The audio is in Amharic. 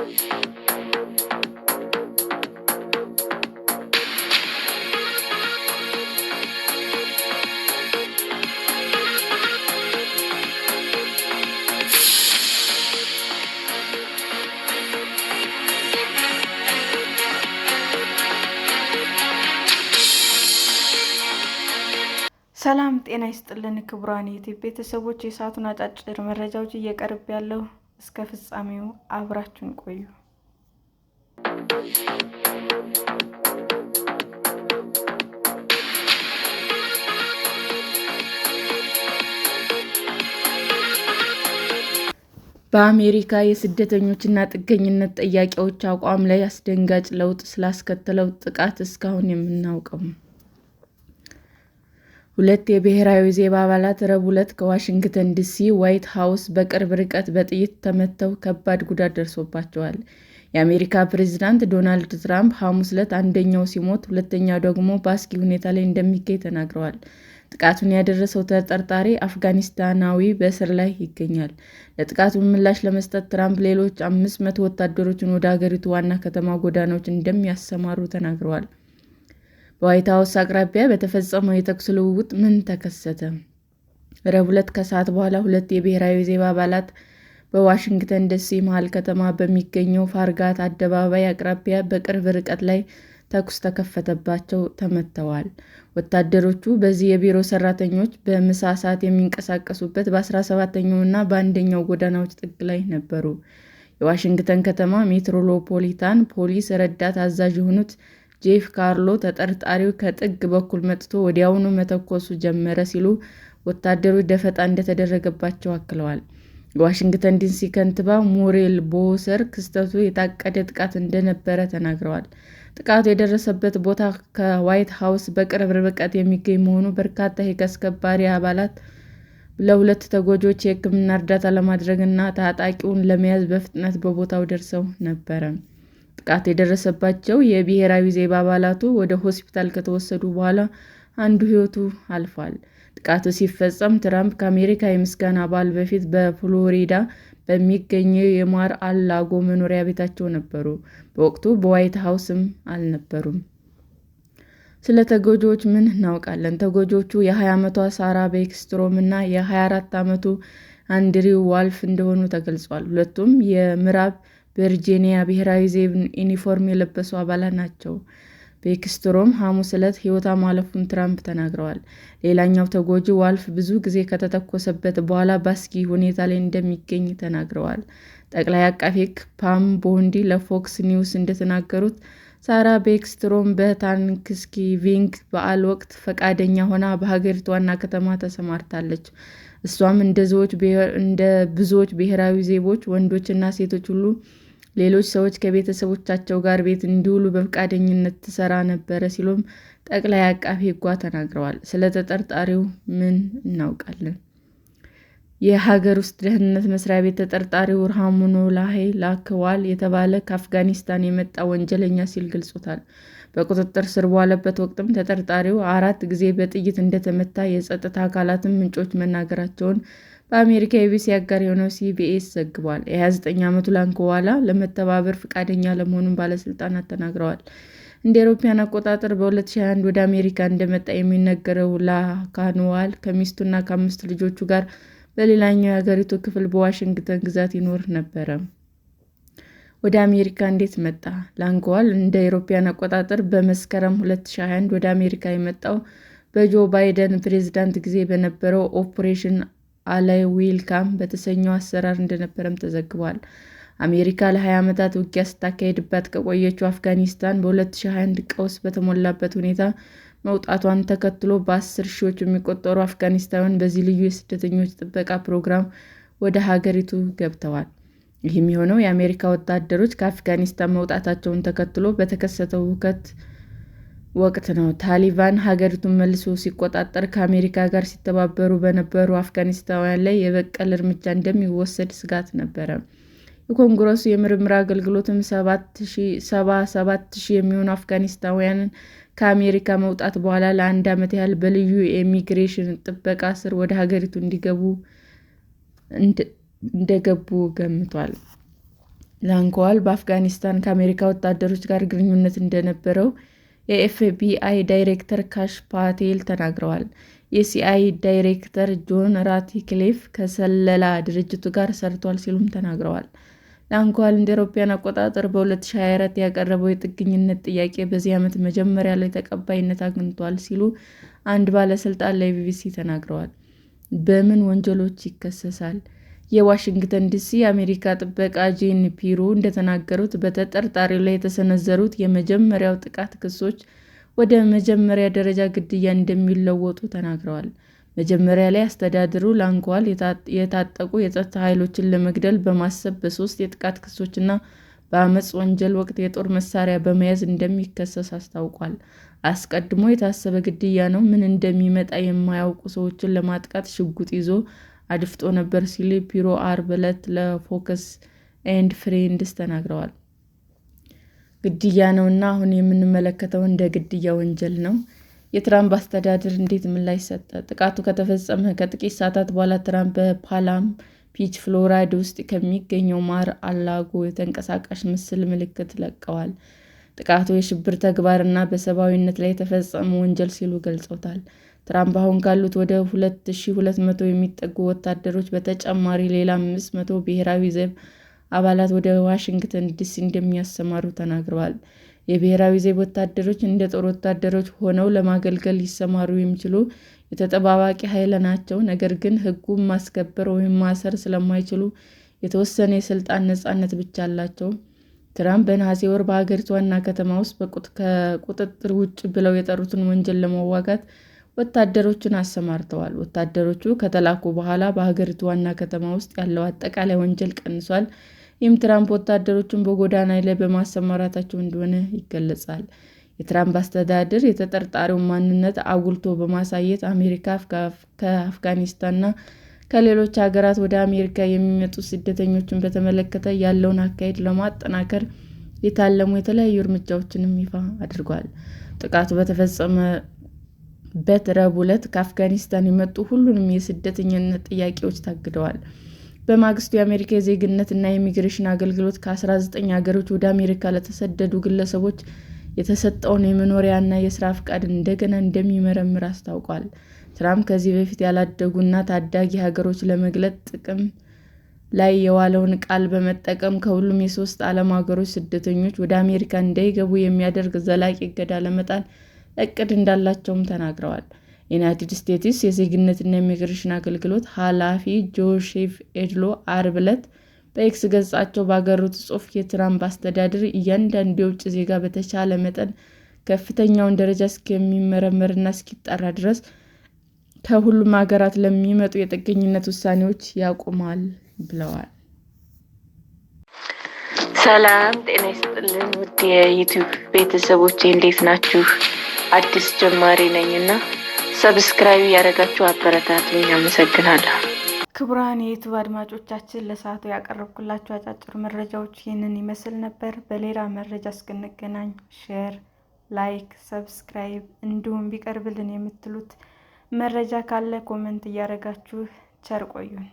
ሰላም ጤና ይስጥልን ክቡራን የዩቲዩብ ቤተሰቦች፣ የሰዓቱን አጫጭር መረጃዎች እየቀርብ ያለው እስከ ፍጻሜው አብራችን ቆዩ። በአሜሪካ የስደተኞችና ጥገኝነት ጠያቂዎች አቋም ላይ አስደንጋጭ ለውጥ ስላስከተለው ጥቃት እስካሁን የምናውቀው ነው። ሁለት የብሔራዊ ዘብ አባላት ረቡዕ ዕለት ከዋሽንግተን ዲሲ ዋይት ሃውስ በቅርብ ርቀት በጥይት ተመተው ከባድ ጉዳት ደርሶባቸዋል። የአሜሪካ ፕሬዝዳንት ዶናልድ ትራምፕ ሐሙስ ዕለት አንደኛው ሲሞት፣ ሁለተኛው ደግሞ በአስጊ ሁኔታ ላይ እንደሚገኝ ተናግረዋል። ጥቃቱን ያደረሰው ተጠርጣሪ አፍጋኒስታናዊ በእስር ላይ ይገኛል። ለጥቃቱ ምላሽ ለመስጠት ትራምፕ ሌሎች አምስት መቶ ወታደሮችን ወደ አገሪቱ ዋና ከተማ ጎዳናዎች እንደሚያሰማሩ ተናግረዋል። በዋይት ሀውስ አቅራቢያ በተፈጸመው የተኩስ ልውውጥ ምን ተከሰተ? ረቡዕ ሁለት ከሰዓት በኋላ ሁለት የብሔራዊ ዘብ አባላት በዋሽንግተን ዲሲ መሃል ከተማ በሚገኘው ፋርጋት አደባባይ አቅራቢያ በቅርብ ርቀት ላይ ተኩስ ተከፈተባቸው፣ ተመተዋል። ወታደሮቹ በዚህ የቢሮ ሰራተኞች በምሳ ሰዓት የሚንቀሳቀሱበት በ17ኛው እና በአንደኛው ጎዳናዎች ጥግ ላይ ነበሩ። የዋሽንግተን ከተማ ሜትሮፖሊታን ፖሊስ ረዳት አዛዥ የሆኑት ጄፍ ካርሎ ተጠርጣሪው ከጥግ በኩል መጥቶ ወዲያውኑ መተኮሱ ጀመረ ሲሉ ወታደሮች ደፈጣ እንደተደረገባቸው አክለዋል። የዋሽንግተን ዲሲ ከንቲባ ሞሬል ቦውሰር ክስተቱ የታቀደ ጥቃት እንደነበረ ተናግረዋል። ጥቃቱ የደረሰበት ቦታ ከዋይት ሀውስ በቅርብ ርቀት የሚገኝ መሆኑ በርካታ ሕግ አስከባሪ አባላት ለሁለት ተጎጂዎች የሕክምና እርዳታ ለማድረግ እና ታጣቂውን ለመያዝ በፍጥነት በቦታው ደርሰው ነበረ። ጥቃት የደረሰባቸው የብሔራዊ ዘብ አባላቱ ወደ ሆስፒታል ከተወሰዱ በኋላ አንዱ ሕይወቱ አልፏል። ጥቃቱ ሲፈጸም ትራምፕ ከአሜሪካ የምስጋና በዓል በፊት በፍሎሪዳ በሚገኘው የማር-አላጎ መኖሪያ ቤታቸው ነበሩ። በወቅቱ በዋይት ሀውስም አልነበሩም። ስለ ተጎጂዎች ምን እናውቃለን? ተጎጂዎቹ የ20 ዓመቷ ሳራ ቤክስትሮም እና የ24 ዓመቱ አንድሪው ዋልፍ እንደሆኑ ተገልጿል። ሁለቱም የምዕራብ ቨርጂኒያ ብሔራዊ ዘብ ዩኒፎርም የለበሱ አባላት ናቸው። ቤክስትሮም ሐሙስ ዕለት ሕይወቷ ማለፉን ትራምፕ ተናግረዋል። ሌላኛው ተጎጂ ዋልፍ ብዙ ጊዜ ከተተኮሰበት በኋላ በአስጊ ሁኔታ ላይ እንደሚገኝ ተናግረዋል። ጠቅላይ ዐቃቤ ሕግ ፓም ቦንዲ ለፎክስ ኒውስ እንደተናገሩት ሳራ ቤክስትሮም በታንክስጊቪንግ በዓል ወቅት ፈቃደኛ ሆና በሀገሪቱ ዋና ከተማ ተሰማርታለች። እሷም እንደ ብዙዎች ብሔራዊ ዜቦች ወንዶችና ሴቶች ሁሉ ሌሎች ሰዎች ከቤተሰቦቻቸው ጋር ቤት እንዲውሉ በፈቃደኝነት ትሰራ ነበረ ሲሉም ጠቅላይ አቃፊ ሕጓ ተናግረዋል። ስለ ተጠርጣሪው ምን እናውቃለን? የሀገር ውስጥ ደህንነት መስሪያ ቤት ተጠርጣሪው ራህማኑላሂ ላክዋል የተባለ ከአፍጋኒስታን የመጣ ወንጀለኛ ሲል ገልጾታል። በቁጥጥር ስር በዋለበት ወቅትም ተጠርጣሪው አራት ጊዜ በጥይት እንደተመታ የጸጥታ አካላትን ምንጮች መናገራቸውን በአሜሪካ የቢቢሲ አጋር የሆነው ሲቢኤስ ዘግቧል። የ29 ዓመቱ ላንኮዋላ ለመተባበር ፈቃደኛ ለመሆኑን ባለስልጣናት ተናግረዋል። እንደ አውሮፓውያን አቆጣጠር በ2021 ወደ አሜሪካ እንደመጣ የሚነገረው ላካንዋላ ከሚስቱና ከአምስት ልጆቹ ጋር በሌላኛው የሀገሪቱ ክፍል በዋሽንግተን ግዛት ይኖር ነበረ። ወደ አሜሪካ እንዴት መጣ? ላንግዋል እንደ አውሮፓውያን አቆጣጠር በመስከረም 2021 ወደ አሜሪካ የመጣው በጆ ባይደን ፕሬዝዳንት ጊዜ በነበረው ኦፕሬሽን አላይ ዌልካም በተሰኘው አሰራር እንደነበረም ተዘግቧል። አሜሪካ ለ20 ዓመታት ውጊያ ስታካሄድባት ከቆየችው አፍጋኒስታን በ2021 ቀውስ በተሞላበት ሁኔታ መውጣቷን ተከትሎ በ10 ሺዎች የሚቆጠሩ አፍጋኒስታውያን በዚህ ልዩ የስደተኞች ጥበቃ ፕሮግራም ወደ ሀገሪቱ ገብተዋል። ይህም የሆነው የአሜሪካ ወታደሮች ከአፍጋኒስታን መውጣታቸውን ተከትሎ በተከሰተው ሁከት ወቅት ነው። ታሊባን ሀገሪቱን መልሶ ሲቆጣጠር ከአሜሪካ ጋር ሲተባበሩ በነበሩ አፍጋኒስታውያን ላይ የበቀል እርምጃ እንደሚወሰድ ስጋት ነበረ። የኮንግረሱ የምርምር አገልግሎትም ሺህ የሚሆኑ አፍጋኒስታውያንን ከአሜሪካ መውጣት በኋላ ለአንድ ዓመት ያህል በልዩ የኢሚግሬሽን ጥበቃ ስር ወደ ሀገሪቱ እንዲገቡ እንደገቡ ገምቷል። ላንጓል በአፍጋኒስታን ከአሜሪካ ወታደሮች ጋር ግንኙነት እንደነበረው የኤፍቢአይ ዳይሬክተር ካሽ ፓቴል ተናግረዋል። የሲአይ ዳይሬክተር ጆን ራትክሊፍ ከሰለላ ድርጅቱ ጋር ሰርቷል ሲሉም ተናግረዋል። ላንጓል እንደ አውሮፓውያን አቆጣጠር በ2024 ያቀረበው የጥገኝነት ጥያቄ በዚህ ዓመት መጀመሪያ ላይ ተቀባይነት አግኝቷል ሲሉ አንድ ባለስልጣን ለቢቢሲ ተናግረዋል። በምን ወንጀሎች ይከሰሳል? የዋሽንግተን ዲሲ የአሜሪካ ጥበቃ ጄን ፒሩ እንደተናገሩት በተጠርጣሪው ላይ የተሰነዘሩት የመጀመሪያው ጥቃት ክሶች ወደ መጀመሪያ ደረጃ ግድያ እንደሚለወጡ ተናግረዋል። መጀመሪያ ላይ አስተዳደሩ ላንጓል የታጠቁ የጸጥታ ኃይሎችን ለመግደል በማሰብ በሶስት የጥቃት ክሶችና በአመፅ ወንጀል ወቅት የጦር መሳሪያ በመያዝ እንደሚከሰስ አስታውቋል። አስቀድሞ የታሰበ ግድያ ነው፣ ምን እንደሚመጣ የማያውቁ ሰዎችን ለማጥቃት ሽጉጥ ይዞ አድፍጦ ነበር ሲል ፒሮ አርብ ዕለት ለፎከስ ኤንድ ፍሬንድስ ተናግረዋል። ግድያ ነው እና አሁን የምንመለከተው እንደ ግድያ ወንጀል ነው። የትራምፕ አስተዳደር እንዴት ምላሽ ሰጠ? ጥቃቱ ከተፈጸመ ከጥቂት ሰዓታት በኋላ ትራምፕ በፓላም ፒች ፍሎራድ ውስጥ ከሚገኘው ማር አላጎ የተንቀሳቃሽ ምስል ምልክት ለቀዋል። ጥቃቱ የሽብር ተግባር እና በሰብአዊነት ላይ የተፈጸመ ወንጀል ሲሉ ገልጸውታል። ትራምፕ አሁን ካሉት ወደ 2200 የሚጠጉ ወታደሮች በተጨማሪ ሌላ 500 ብሔራዊ ዘብ አባላት ወደ ዋሽንግተን ዲሲ እንደሚያሰማሩ ተናግረዋል። የብሔራዊ ዘብ ወታደሮች እንደ ጦር ወታደሮች ሆነው ለማገልገል ሊሰማሩ የሚችሉ የተጠባባቂ ኃይል ናቸው። ነገር ግን ሕጉን ማስከበር ወይም ማሰር ስለማይችሉ የተወሰነ የስልጣን ነጻነት ብቻ አላቸው። ትራምፕ በነሐሴ ወር በሀገሪቱ ዋና ከተማ ውስጥ ከቁጥጥር ውጭ ብለው የጠሩትን ወንጀል ለመዋጋት ወታደሮችን አሰማርተዋል። ወታደሮቹ ከተላኩ በኋላ በሀገሪቱ ዋና ከተማ ውስጥ ያለው አጠቃላይ ወንጀል ቀንሷል። ይህም ትራምፕ ወታደሮቹን በጎዳና ላይ በማሰማራታቸው እንደሆነ ይገለጻል። የትራምፕ አስተዳደር የተጠርጣሪውን ማንነት አጉልቶ በማሳየት አሜሪካ ከአፍጋኒስታንና ከሌሎች ሀገራት ወደ አሜሪካ የሚመጡ ስደተኞችን በተመለከተ ያለውን አካሄድ ለማጠናከር የታለሙ የተለያዩ እርምጃዎችንም ይፋ አድርጓል። ጥቃቱ በተፈጸመ በት ረቡዕ ዕለት ከአፍጋኒስታን የመጡ ሁሉንም የስደተኝነት ጥያቄዎች ታግደዋል። በማግስቱ የአሜሪካ እና የኢሚግሬሽን አገልግሎት ከ19 ሀገሮች ወደ አሜሪካ ለተሰደዱ ግለሰቦች የተሰጠውን የመኖሪያና የስራ ፍቃድ እንደገና እንደሚመረምር አስታውቋል። ትራምፕ ከዚህ በፊት ያላደጉና ታዳጊ ሀገሮች ለመግለጥ ጥቅም ላይ የዋለውን ቃል በመጠቀም ከሁሉም የሶስት ዓለም ሀገሮች ስደተኞች ወደ አሜሪካ እንዳይገቡ የሚያደርግ ዘላቂ እገዳ ለመጣል እቅድ እንዳላቸውም ተናግረዋል። ዩናይትድ ስቴትስ የዜግነትና ኢሚግሬሽን አገልግሎት ኃላፊ ጆሴፍ ኤድሎ አርብ ዕለት በኤክስ ገጻቸው ባገሩት ጽሑፍ የትራምፕ አስተዳደር እያንዳንዱ የውጭ ዜጋ በተቻለ መጠን ከፍተኛውን ደረጃ እስከሚመረመርና እስኪጣራ ድረስ ከሁሉም ሀገራት ለሚመጡ የጥገኝነት ውሳኔዎች ያቁማል ብለዋል። ሰላም ጤና ይስጥልን ውድ የዩቱብ ቤተሰቦች እንዴት ናችሁ? አዲስ ጀማሪ ነኝና ሰብስክራይብ ያደረጋችሁ አበረታትልኝ። አመሰግናለሁ። ክቡራን የዩቱብ አድማጮቻችን ለሰዓቱ ያቀረብኩላችሁ አጫጭር መረጃዎች ይህንን ይመስል ነበር። በሌላ መረጃ እስክንገናኝ ሼር፣ ላይክ፣ ሰብስክራይብ እንዲሁም ቢቀርብልን የምትሉት መረጃ ካለ ኮመንት እያደረጋችሁ ቸር ቆዩን።